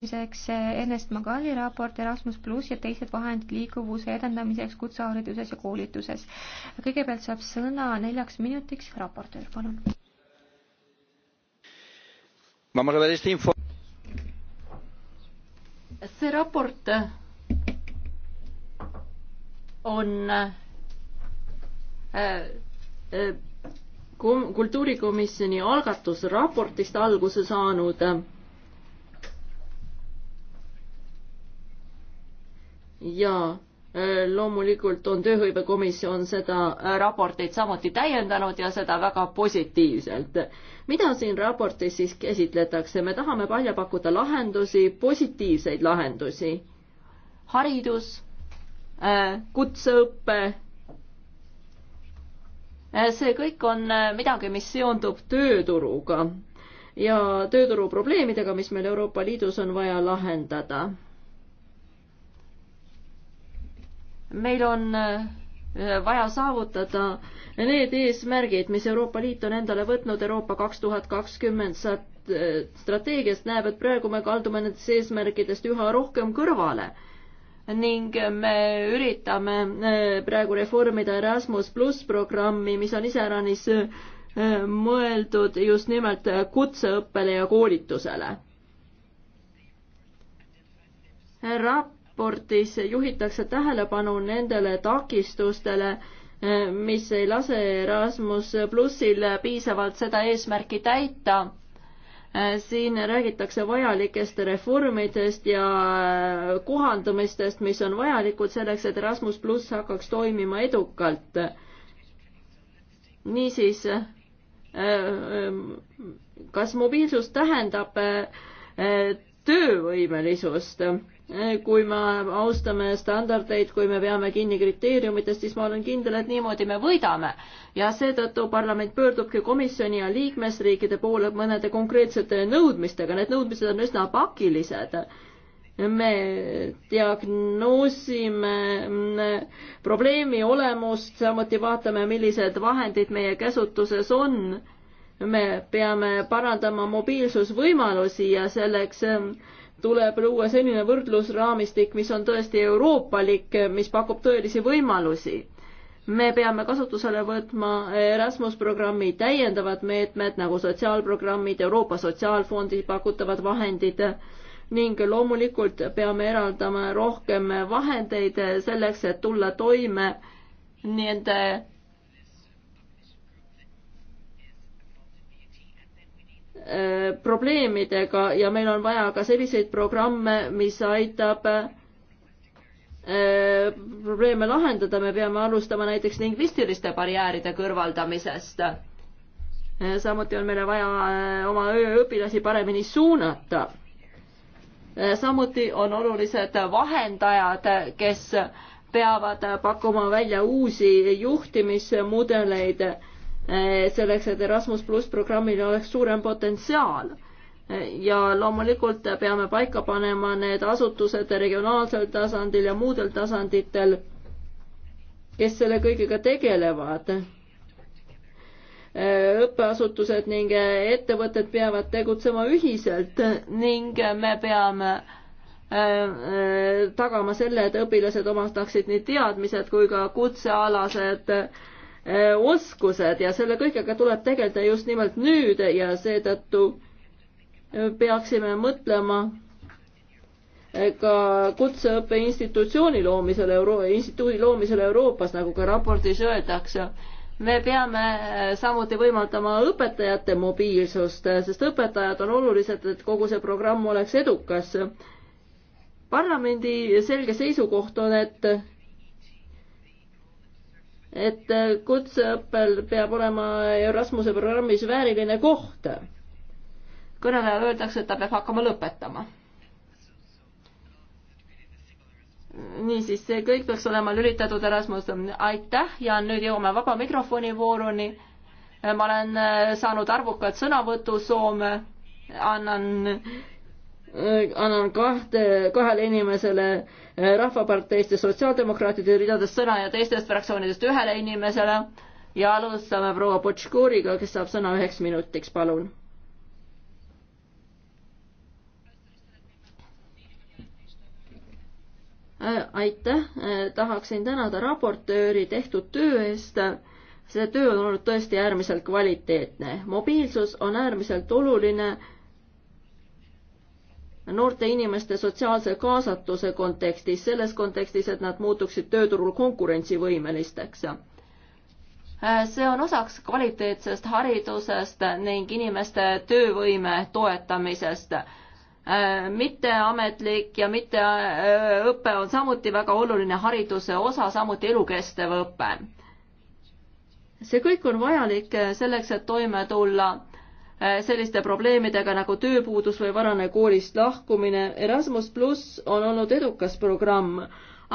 edendamiseks Ernest Magali raport Erasmus pluss ja teised vahendid liikuvuse edendamiseks kutsehariduses ja koolituses. kõigepealt saab sõna neljaks minutiks raportöör, palun. see raport on äh, äh, kultuurikomisjoni algatusraportist alguse saanud äh, ja äh, loomulikult on Tööhõivekomisjon seda äh, raportit samuti täiendanud ja seda väga positiivselt. mida siin raportis siis käsitletakse, me tahame välja pakkuda lahendusi, positiivseid lahendusi. haridus, äh, kutseõpe, see kõik on midagi, mis seondub tööturuga ja tööturu probleemidega, mis meil Euroopa Liidus on vaja lahendada meil on äh, vaja saavutada need eesmärgid, mis Euroopa Liit on endale võtnud Euroopa kaks tuhat kakskümmend äh, strateegiast, näeb, et praegu me kaldume nendest eesmärkidest üha rohkem kõrvale ning me üritame äh, praegu reformida Erasmus pluss programmi, mis on iseäranis mõeldud just nimelt kutseõppele ja koolitusele. Rap-, raportis juhitakse tähelepanu nendele takistustele, eh, mis ei lase Erasmus plussil piisavalt seda eesmärki täita. Eh, siin räägitakse vajalikest reformidest ja eh, kohandumistest, mis on vajalikud selleks, et Erasmus pluss hakkaks toimima edukalt. niisiis, kas mobiilsus tähendab töövõimelisust? kui me austame standardeid, kui me peame kinni kriteeriumitest, siis ma olen kindel, et niimoodi me võidame. ja seetõttu parlament pöördubki komisjoni ja liikmesriikide poole mõnede konkreetsete nõudmistega, need nõudmised on üsna pakilised. me diagnoosime mm, probleemi olemust, samuti vaatame, millised vahendid meie käsutuses on. me peame parandama mobiilsusvõimalusi ja selleks mm, tuleb luua selline võrdlusraamistik, mis on tõesti euroopalik, mis pakub tõelisi võimalusi. me peame kasutusele võtma Erasmus programmi täiendavad meetmed nagu sotsiaalprogrammid, Euroopa Sotsiaalfondi pakutavad vahendid ning loomulikult peame eraldama rohkem vahendeid selleks, et tulla toime nende Äh, probleemidega ja meil on vaja ka selliseid programme, mis aitab äh, probleeme lahendada, me peame alustama näiteks lingvistiliste barjääride kõrvaldamisest. Äh, samuti on meile vaja oma õpilasi paremini suunata. samuti on olulised vahendajad, kes peavad pakkuma välja uusi juhtimismudeleid Eh, selleks, et Erasmus pluss programmil oleks suurem potentsiaal. Eh, ja loomulikult peame paika panema need asutused regionaalsel tasandil ja muudel tasanditel, kes selle kõigega tegelevad eh, õppeasutused ning ettevõtted peavad tegutsema ühiselt ning me peame tagama selle, et õpilased omastaksid nii teadmised kui ka kutsealased Äh, oskused ja selle kõigega tuleb tegeleda just nimelt nüüd ja seetõttu äh, peaksime mõtlema äh, ka kutseõppe institutsiooni loomisele Euro-, instituudi loomisele Euroopas, nagu ka raportis öeldakse. me peame samuti võimaldama õpetajate mobiilsust, sest õpetajad on olulised, et kogu see programm oleks edukas. parlamendi selge seisukoht on, et et äh, kutseõppel peab olema Erasmuse programmis vääriline koht. kõnelejale öeldakse, et ta peab hakkama lõpetama. niisiis, see kõik peaks olema lülitatud Erasmus, aitäh ja nüüd jõuame vaba mikrofoni vooruni. ma olen äh, saanud arvukad sõnavõtusoome, annan Äh, annan kahte, kahele inimesele äh, Rahvaparteist ja Sotsiaaldemokraatide ridadest sõna ja teistest fraktsioonidest ühele inimesele ja alustame proua Potškuriga, kes saab sõna üheks minutiks, palun. Äh, aitäh, tahaksin tänada raportööri tehtud töö eest. see töö on olnud tõesti äärmiselt kvaliteetne. mobiilsus on äärmiselt oluline noorte inimeste sotsiaalse kaasatuse kontekstis, selles kontekstis, et nad muutuksid tööturul konkurentsivõimelisteks. Äh, see on osaks kvaliteetsest haridusest ning inimeste töövõime toetamisest äh, mitteametlik ja mitteõpe äh, on samuti väga oluline hariduse osa, samuti elukestev õpe. see kõik on vajalik selleks, et toime tulla Äh, selliste probleemidega nagu tööpuudus või varane koolist lahkumine. Erasmus pluss on olnud edukas programm,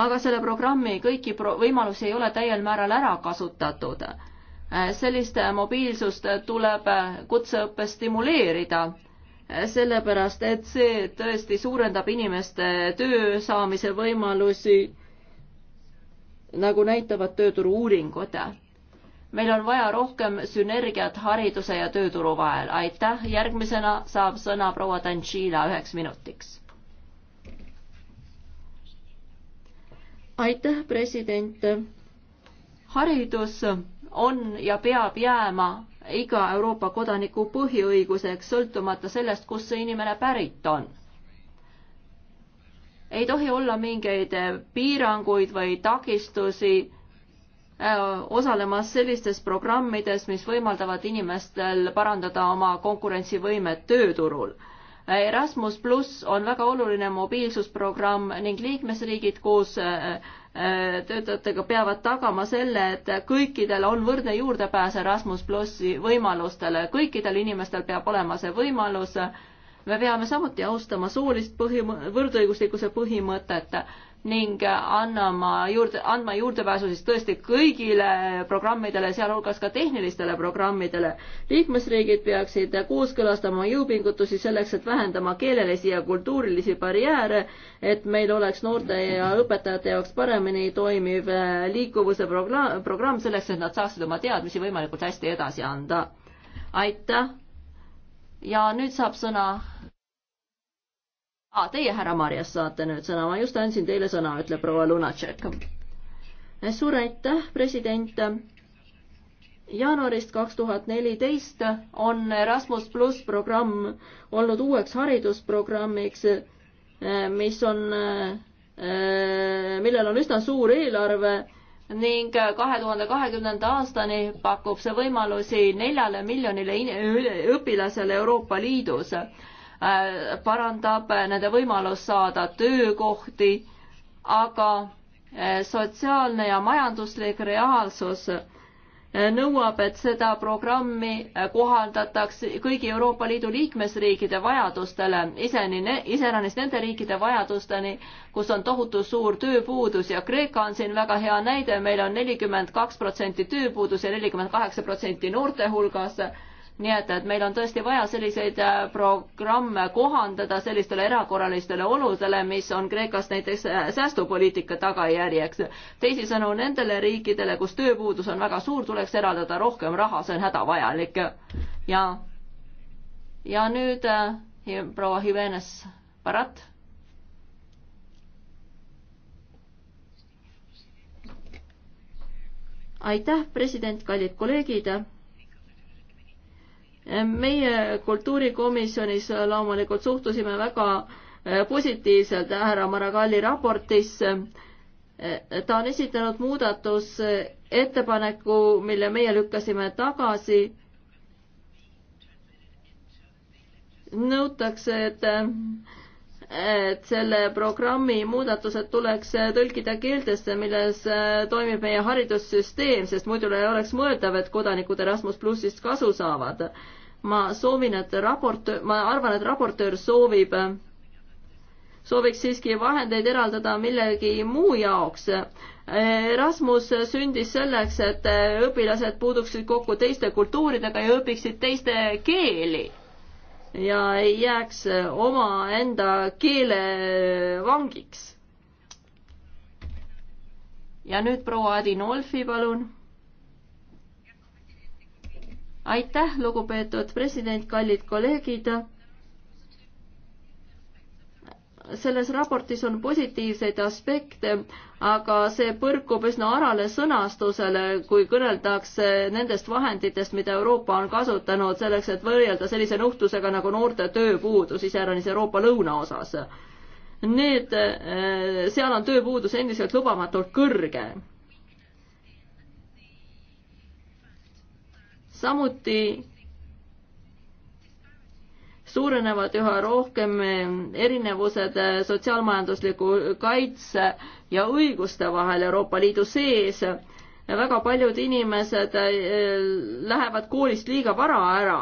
aga selle programmi kõiki pro võimalusi ei ole täiel määral ära kasutatud. Äh, sellist mobiilsust tuleb kutseõppes stimuleerida, äh, sellepärast et see tõesti suurendab inimeste töö saamise võimalusi, nagu näitavad tööturu uuringud meil on vaja rohkem sünergiat hariduse ja tööturu vahel. aitäh, järgmisena saab sõna proua Tantšila üheks minutiks. aitäh, president. haridus on ja peab jääma iga Euroopa kodaniku põhiõiguseks, sõltumata sellest, kust see inimene pärit on ei tohi olla mingeid piiranguid või takistusi Äh, osalemas sellistes programmides, mis võimaldavad inimestel parandada oma konkurentsivõimet tööturul. Erasmus pluss on väga oluline mobiilsusprogramm ning liikmesriigid koos äh, äh, töötajatega peavad tagama selle, et kõikidel on võrdne juurdepääs Erasmus plussi võimalustele, kõikidel inimestel peab olema see võimalus. me peame samuti austama soolist põhim-, võrdõiguslikkuse põhimõtet ning annama juurde, andma juurdepääsu siis tõesti kõigile programmidele, sealhulgas ka tehnilistele programmidele. liikmesriigid peaksid kooskõlastama jõupingutusi selleks, et vähendama keelelisi ja kultuurilisi barjääre, et meil oleks noorte ja õpetajate jaoks paremini toimiv liikuvuse programm, programm selleks, et nad saaksid oma teadmisi võimalikult hästi edasi anda. aitäh! ja nüüd saab sõna ah,. Teie, härra Marjas, saate nüüd sõna, ma just andsin teile sõna, ütleb proua Lunatšek. suur aitäh, president. jaanuarist kaks tuhat neliteist on Erasmus pluss programm olnud uueks haridusprogrammiks, mis on, millel on üsna suur eelarve ning kahe tuhande kahekümnenda aastani pakub see võimalusi neljale miljonile õpilasele Euroopa Liidus Äh, parandab nende võimalust saada töökohti, aga äh, sotsiaalne ja majanduslik reaalsus äh, nõuab, et seda programmi kohaldatakse kõigi Euroopa Liidu liikmesriikide vajadustele, iseni ne,, iseäranis nende riikide vajadusteni, kus on tohutu suur tööpuudus ja Kreeka on siin väga hea näide, meil on nelikümmend kaks protsenti tööpuudus ja nelikümmend kaheksa protsenti noorte hulgas nii et, et meil on tõesti vaja selliseid äh, programme kohandada sellistele erakorralistele oludele, mis on Kreekas näiteks äh, säästupoliitika tagajärjeks. teisisõnu, nendele riikidele, kus tööpuudus on väga suur, tuleks eraldada rohkem raha, see on hädavajalik. ja, ja nüüd äh, proua Jimenez Barat aitäh, president, kallid kolleegid meie kultuurikomisjonis loomulikult suhtusime väga eh, positiivselt härra Maragalli raportisse. Eh, ta on esitanud muudatusettepaneku, mille meie lükkasime tagasi. nõutakse, et eh, et selle programmi muudatused tuleks tõlkida keeltesse, milles äh, toimib meie haridussüsteem, sest muidu ei oleks mõeldav, et kodanikud Erasmus plussist kasu saavad. ma soovin, et raportöör, ma arvan, et raportöör soovib, sooviks siiski vahendeid eraldada millegi muu jaoks. Erasmus sündis selleks, et õpilased puuduksid kokku teiste kultuuridega ja õpiksid teiste keeli ja ei jääks omaenda keele vangiks. ja nüüd proua Adinolfi, palun. aitäh, lugupeetud president, kallid kolleegid selles raportis on positiivseid aspekte, aga see põrkub üsna arale sõnastusele, kui kõneldakse nendest vahenditest, mida Euroopa on kasutanud selleks, et võrrelda sellise nuhtlusega nagu noorte tööpuudus, iseäranis Euroopa lõunaosas. Need, eh, seal on tööpuudus endiselt lubamatult kõrge. samuti suurenevad üha rohkem erinevused sotsiaalmajandusliku kaitse ja õiguste vahel Euroopa Liidu sees. väga paljud inimesed äh, lähevad koolist liiga vara ära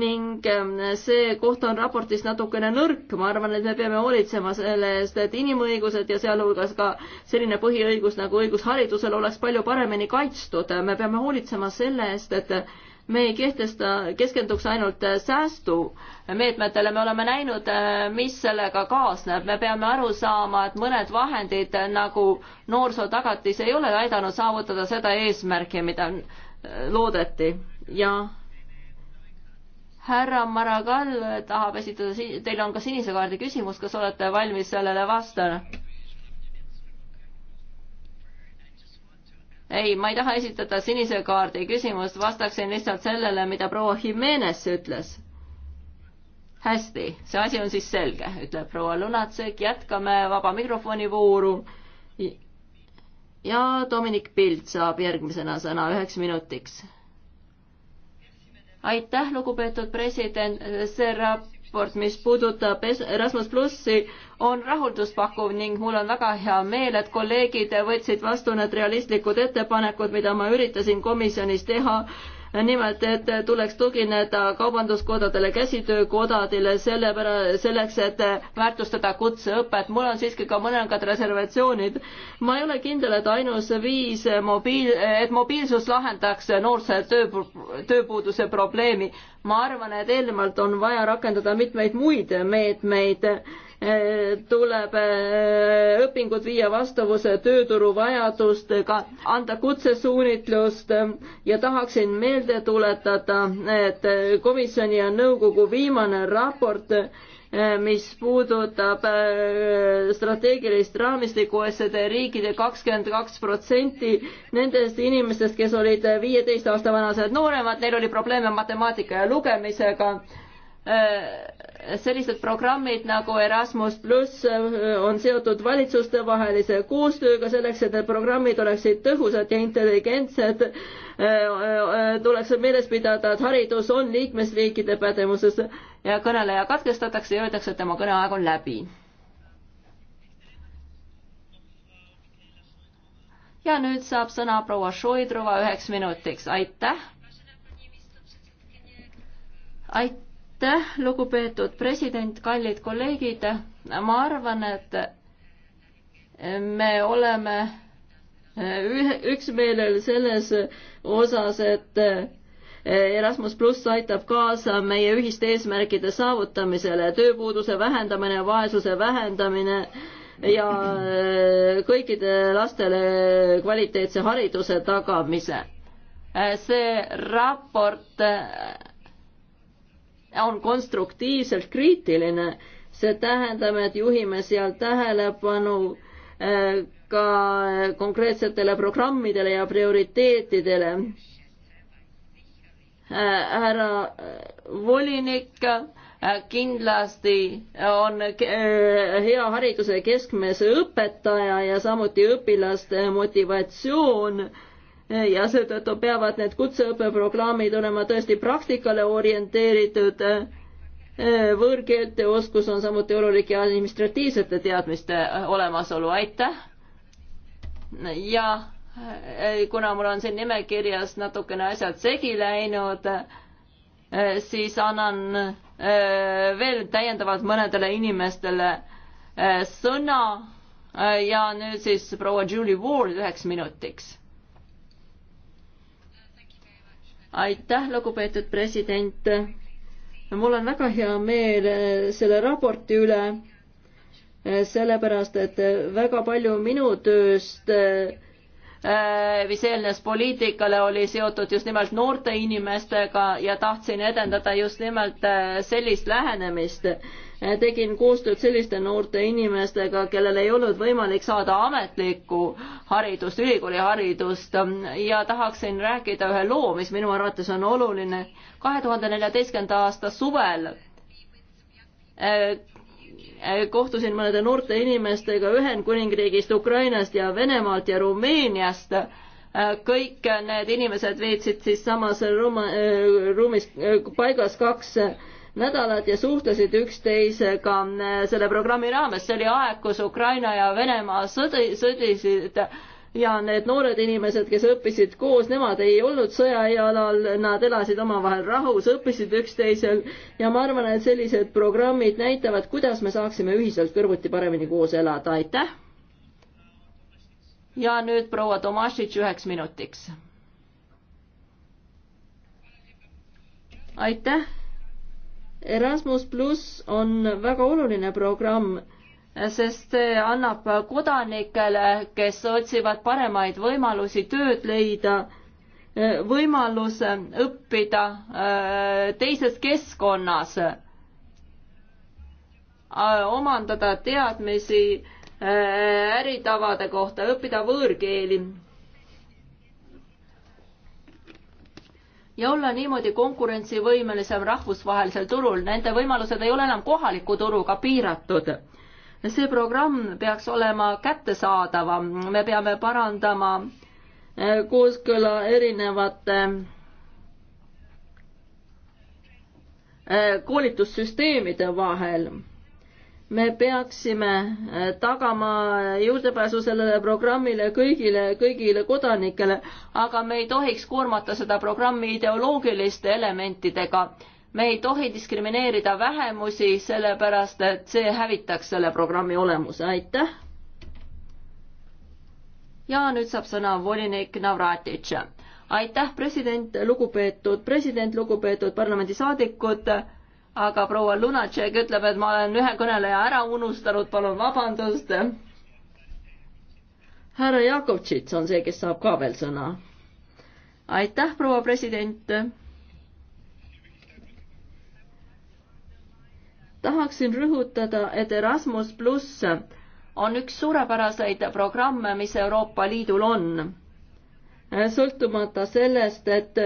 ning äh, see koht on raportis natukene nõrk, ma arvan, et me peame hoolitsema selle eest, et inimõigused ja sealhulgas ka selline põhiõigus nagu õigus haridusele oleks palju paremini kaitstud, me peame hoolitsema selle eest, et me ei kehtesta, keskenduks ainult äh, säästumeetmetele, me oleme näinud, äh, mis sellega kaasneb, me peame aru saama, et mõned vahendid äh, nagu noorsootagatis ei ole aidanud saavutada seda eesmärki, mida loodeti ja härra Maragall tahab esitada, teil on ka sinise kaardi küsimus, kas olete valmis sellele vastama? ei, ma ei taha esitada sinise kaardi küsimust, vastaksin lihtsalt sellele, mida proua Jimenez ütles. hästi, see asi on siis selge, ütleb proua Lunatsek, jätkame vaba mikrofoni vooru. ja Dominic Pilt saab järgmisena sõna üheks minutiks. aitäh, lugupeetud president, see rap-, raport, mis puudutab Erasmus plussi, on rahulduspakkuv ning mul on väga hea meel, et kolleegid võtsid vastu need realistlikud ettepanekud, mida ma üritasin komisjonis teha nimelt, et tuleks tugineda kaubanduskodadele, käsitöökodadele, selle pära-, selleks, et väärtustada kutseõpet. mul on siiski ka mõningad reservatsioonid. ma ei ole kindel, et ainus viis mobiil, et mobiilsus lahendaks noorte töö, tööpuuduse probleemi. ma arvan, et eelnevalt on vaja rakendada mitmeid muid meetmeid meet tuleb äh, õpingud viia vastavuse tööturu vajadustega, anda kutsesuunitlust ja tahaksin meelde tuletada, et komisjoni ja nõukogu viimane raport äh, mis puudutab äh, strateegilist raamistikku OECD riikide kakskümmend kaks protsenti nendest inimestest, kes olid viieteist aasta vanased nooremad, neil oli probleeme matemaatika ja lugemisega sellised programmid nagu Erasmus pluss äh, on seotud valitsustevahelise koostööga selleks, et need programmid oleksid tõhusad ja intelligentsed. Äh, äh, tuleks meeles pidada, et haridus on liikmesriikide pädevuses ja kõneleja katkestatakse ja öeldakse, et tema kõneaeg on läbi. ja nüüd saab sõna proua Šoidrova üheks minutiks, aitäh. aitäh aitäh, lugupeetud president, kallid kolleegid. ma arvan, et me oleme üksmeelel selles osas, et Erasmus pluss aitab kaasa meie ühiste eesmärkide saavutamisele, tööpuuduse vähendamine, vaesuse vähendamine ja kõikide lastele kvaliteetse hariduse tagamise. see raport on konstruktiivselt kriitiline, see tähendab, et juhime seal tähelepanu äh, ka konkreetsetele programmidele ja prioriteetidele. Äh, härra äh, volinik, kindlasti on hea hariduse keskmes õpetaja ja samuti õpilaste motivatsioon ja seetõttu peavad need kutseõppeprogrammid olema tõesti praktikale orienteeritud. võõrkeelte oskus on samuti olulik ja administratiivsete teadmiste olemasolu, aitäh. ja eh, kuna mul on siin nimekirjas natukene asjad segi läinud, eh, siis annan eh, veel täiendavalt mõnedele inimestele sõna ja nüüd siis proua Julie Ward üheks minutiks aitäh, lugupeetud president. mul on väga hea meel eh, selle raporti üle, eh, sellepärast et eh, väga palju minu tööst mis eelnes poliitikale, oli seotud just nimelt noorte inimestega ja tahtsin edendada just nimelt sellist lähenemist Eh, tegin koostööd selliste noorte inimestega, kellel ei olnud võimalik saada ametlikku haridust, ülikooliharidust mm, ja tahaksin rääkida ühe loo, mis minu arvates on oluline. kahe tuhande neljateistkümnenda aasta suvel eh, eh, kohtusin mõnede noorte inimestega Ühendkuningriigist, Ukrainast ja Venemaalt ja Rumeeniast. kõik need inimesed veetsid siis samas ruuma, ruumis paigas kaks nädalat ja suhtlesid üksteisega äh, selle programmi raames. see oli aeg, kus Ukraina ja Venemaa sõdi, sõdisid ja need noored inimesed, kes õppisid koos, nemad ei olnud sõjajalal, nad elasid omavahel rahus, õppisid üksteisel ja ma arvan, et sellised programmid näitavad, kuidas me saaksime ühiselt kõrvuti paremini koos elada. aitäh! ja nüüd proua Tomašitš üheks minutiks. aitäh! Erasmus pluss on väga oluline programm, sest see annab kodanikele, kes otsivad paremaid võimalusi tööd leida, võimaluse õppida äh, teises keskkonnas, äh, omandada teadmisi äh, äritavade kohta, õppida võõrkeeli ja olla niimoodi konkurentsivõimelisem rahvusvahelisel turul. Nende võimalused ei ole enam kohaliku turuga piiratud. see programm peaks olema kättesaadavam, me peame parandama eh, kooskõla erinevate eh, koolitussüsteemide vahel me peaksime äh, tagama juurdepääsu sellele programmile kõigile, kõigile kodanikele, aga me ei tohiks koormata seda programmi ideoloogiliste elementidega. me ei tohi diskrimineerida vähemusi, sellepärast et see hävitaks selle programmi olemuse, aitäh. ja nüüd saab sõna volinik Navratitš. aitäh, president, lugupeetud president, lugupeetud parlamendisaadikud aga proua Lunatšek ütleb, et ma olen ühe kõneleja ära unustanud, palun vabandust. härra Jakovtšits on see, kes saab ka veel sõna. aitäh, proua president. tahaksin rõhutada, et Erasmus pluss on üks suurepäraseid programme, mis Euroopa Liidul on. sõltumata sellest, et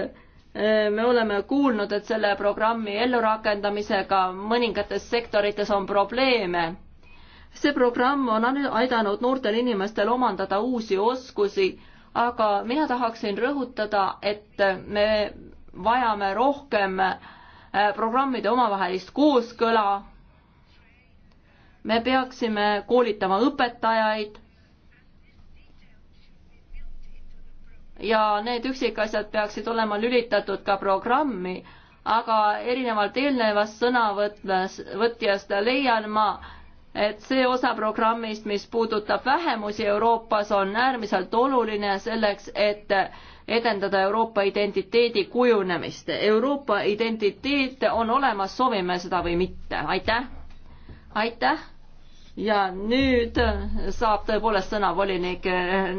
Äh, me oleme kuulnud, et selle programmi ellurakendamisega mõningates sektorites on probleeme. see programm on aidanud noortel inimestel omandada uusi oskusi, aga mina tahaksin rõhutada, et me vajame rohkem äh, programmide omavahelist kooskõla. me peaksime koolitama õpetajaid, ja need üksikasjad peaksid olema lülitatud ka programmi, aga erinevalt eelnevast sõnavõtjast leian ma, et see osa programmist, mis puudutab vähemusi Euroopas, on äärmiselt oluline selleks, et edendada Euroopa identiteedi kujunemist. Euroopa identiteet on olemas, soovime seda või mitte. aitäh! aitäh! ja nüüd saab tõepoolest sõna volinik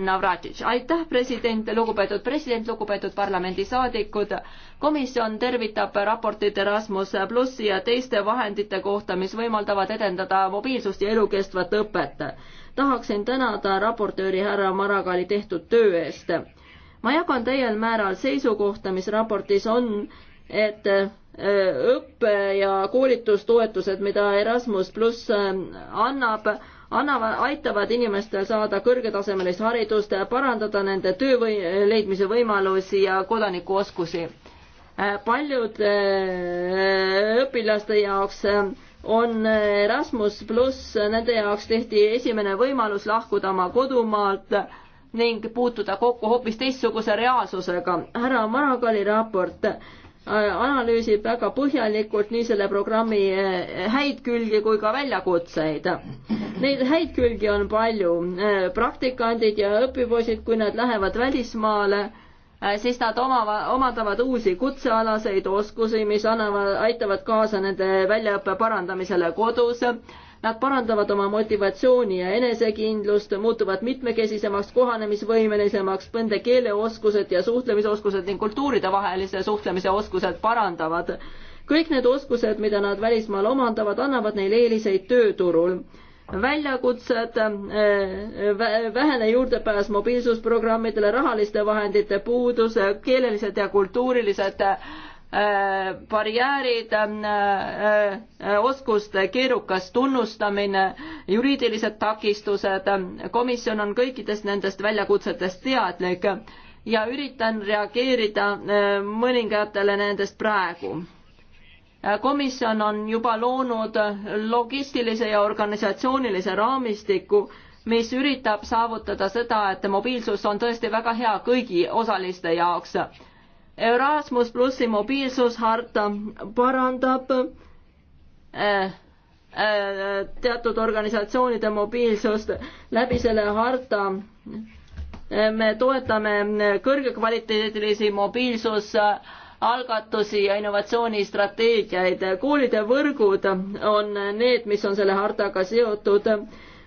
Navratitš. aitäh, president, lugupeetud president, lugupeetud parlamendisaadikud. komisjon tervitab raportit Erasmus plussi ja teiste vahendite kohta, mis võimaldavad edendada mobiilsust ja elukestvat õpet. tahaksin tänada raportööri härra Maragali tehtud töö eest. ma jagan täiel määral seisukohta, mis raportis on, et Äh, õppe- ja koolitustoetused, mida Erasmus pluss äh, annab, annavad, aitavad inimestel saada kõrgetasemelist haridust, parandada nende töö või leidmise võimalusi ja kodanikuoskusi. Äh, paljude õpilaste jaoks on Erasmus pluss nende jaoks tihti esimene võimalus lahkuda oma kodumaalt ning puutuda kokku hoopis teistsuguse reaalsusega. härra Maragali raport Äh, analüüsib väga põhjalikult nii selle programmi äh, häid külgi kui ka väljakutseid. Neid häid külgi on palju, äh, praktikandid ja õpipoisid, kui nad lähevad välismaale, siis nad omavad, omandavad uusi kutsealaseid oskusi, mis annavad, aitavad kaasa nende väljaõppe parandamisele kodus Nad parandavad oma motivatsiooni ja enesekindlust, muutuvad mitmekesisemaks, kohanemisvõimelisemaks, nende keeleoskused ja suhtlemisoskused ning kultuuridevahelise suhtlemise oskused parandavad. kõik need oskused, mida nad välismaal omandavad, annavad neile eeliseid tööturul väljakutsed, äh, vähene juurdepääs mobiilsusprogrammidele, rahaliste vahendite puudus, keelelised ja kultuurilised Äh, barjäärid, äh, äh, oskuste keerukas tunnustamine, juriidilised takistused. komisjon on kõikidest nendest väljakutsetest teadlik ja üritan reageerida mõningatele nendest praegu komisjon on juba loonud logistilise ja organisatsioonilise raamistiku, mis üritab saavutada seda, et mobiilsus on tõesti väga hea kõigi osaliste jaoks Erasmus plussi mobiilsusharta parandab äh, äh, teatud organisatsioonide mobiilsust läbi selle harta äh, me toetame kõrgekvaliteedilisi mobiilsusalgatusi ja innovatsioonistrateegiaid. koolide võrgud on need, mis on selle hartaga seotud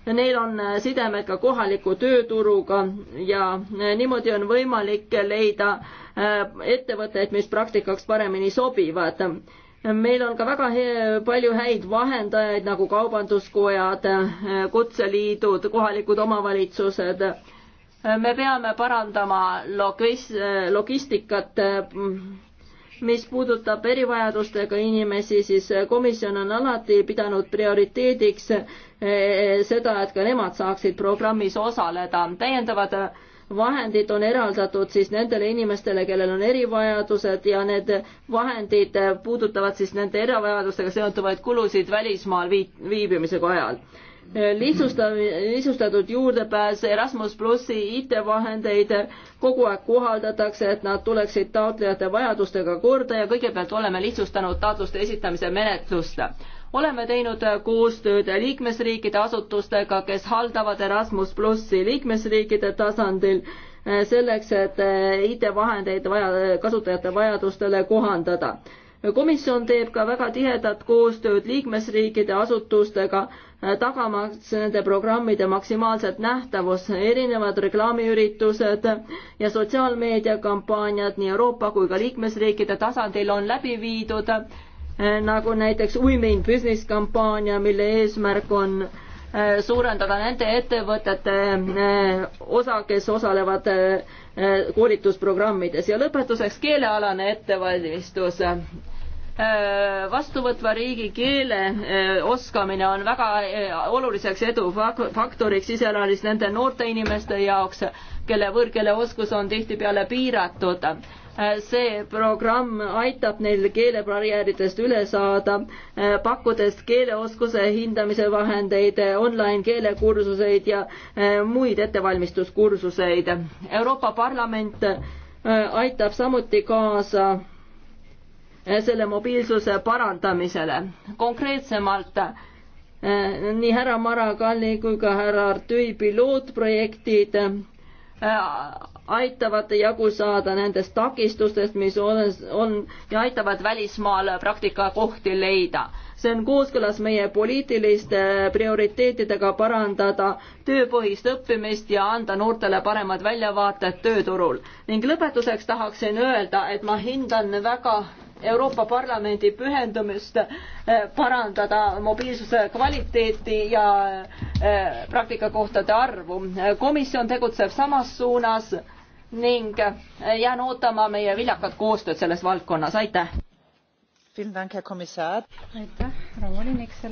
neil on äh, sidemed ka kohaliku tööturuga ja äh, niimoodi on võimalik leida äh, ettevõtteid, mis praktikaks paremini sobivad. meil on ka väga palju häid vahendajaid nagu kaubanduskojad, kutseliidud, kohalikud omavalitsused. me peame parandama logis-, logistikat mis puudutab erivajadustega inimesi, siis komisjon on alati pidanud prioriteediks eh, seda, et ka nemad saaksid programmis osaleda. täiendavad vahendid on eraldatud siis nendele inimestele, kellel on erivajadused ja need vahendid puudutavad siis nende erivajadustega seonduvaid kulusid välismaal viibimise ajal lihtsustatud juurdepääs Erasmus plussi IT-vahendeid kogu aeg kohaldatakse, et nad tuleksid taotlejate vajadustega korda ja kõigepealt oleme lihtsustanud taotluste esitamise menetlust. oleme teinud koostööd liikmesriikide asutustega, kes haldavad Erasmus plussi liikmesriikide tasandil eh, selleks, et eh, IT-vahendeid vaja, kasutajate vajadustele kohandada komisjon teeb ka väga tihedat koostööd liikmesriikide asutustega Äh, tagamaks nende programmide maksimaalset nähtavust, erinevad reklaamiüritused ja sotsiaalmeediakampaaniad nii Euroopa kui ka liikmesriikide tasandil on läbi viidud, äh, nagu näiteks Women in Business kampaania, mille eesmärk on äh, suurendada nende ettevõtete osa, kes osalevad koolitusprogrammides ja lõpetuseks keelealane ettevalmistus. Äh, vastuvõtva riigi keele äh, oskamine on väga äh, oluliseks edufaktoriks iseäranis nende noorte inimeste jaoks, kelle võõrkeele oskus on tihtipeale piiratud. see programm aitab neil keelebarjääridest üle saada, pakkudes keeleoskuse hindamise vahendeid, online keelekursuseid ja muid ettevalmistuskursuseid. Euroopa Parlament aitab samuti kaasa selle mobiilsuse parandamisele. konkreetsemalt eh, nii härra Maragalli kui ka härra Artüi pilootprojektid eh, aitavad jagu saada nendest takistustest, mis on, on ja aitavad välismaal praktikakohti leida. see on kooskõlas meie poliitiliste prioriteetidega parandada tööpõhist õppimist ja anda noortele paremad väljavaated tööturul. ning lõpetuseks tahaksin öelda, et ma hindan väga Euroopa Parlamendi pühendumist eh, parandada mobiilsuse kvaliteeti ja eh, praktikakohtade arvu. komisjon tegutseb samas suunas ning eh, jään ootama meie viljakat koostööd selles valdkonnas, aitäh! aitäh, härra volinik!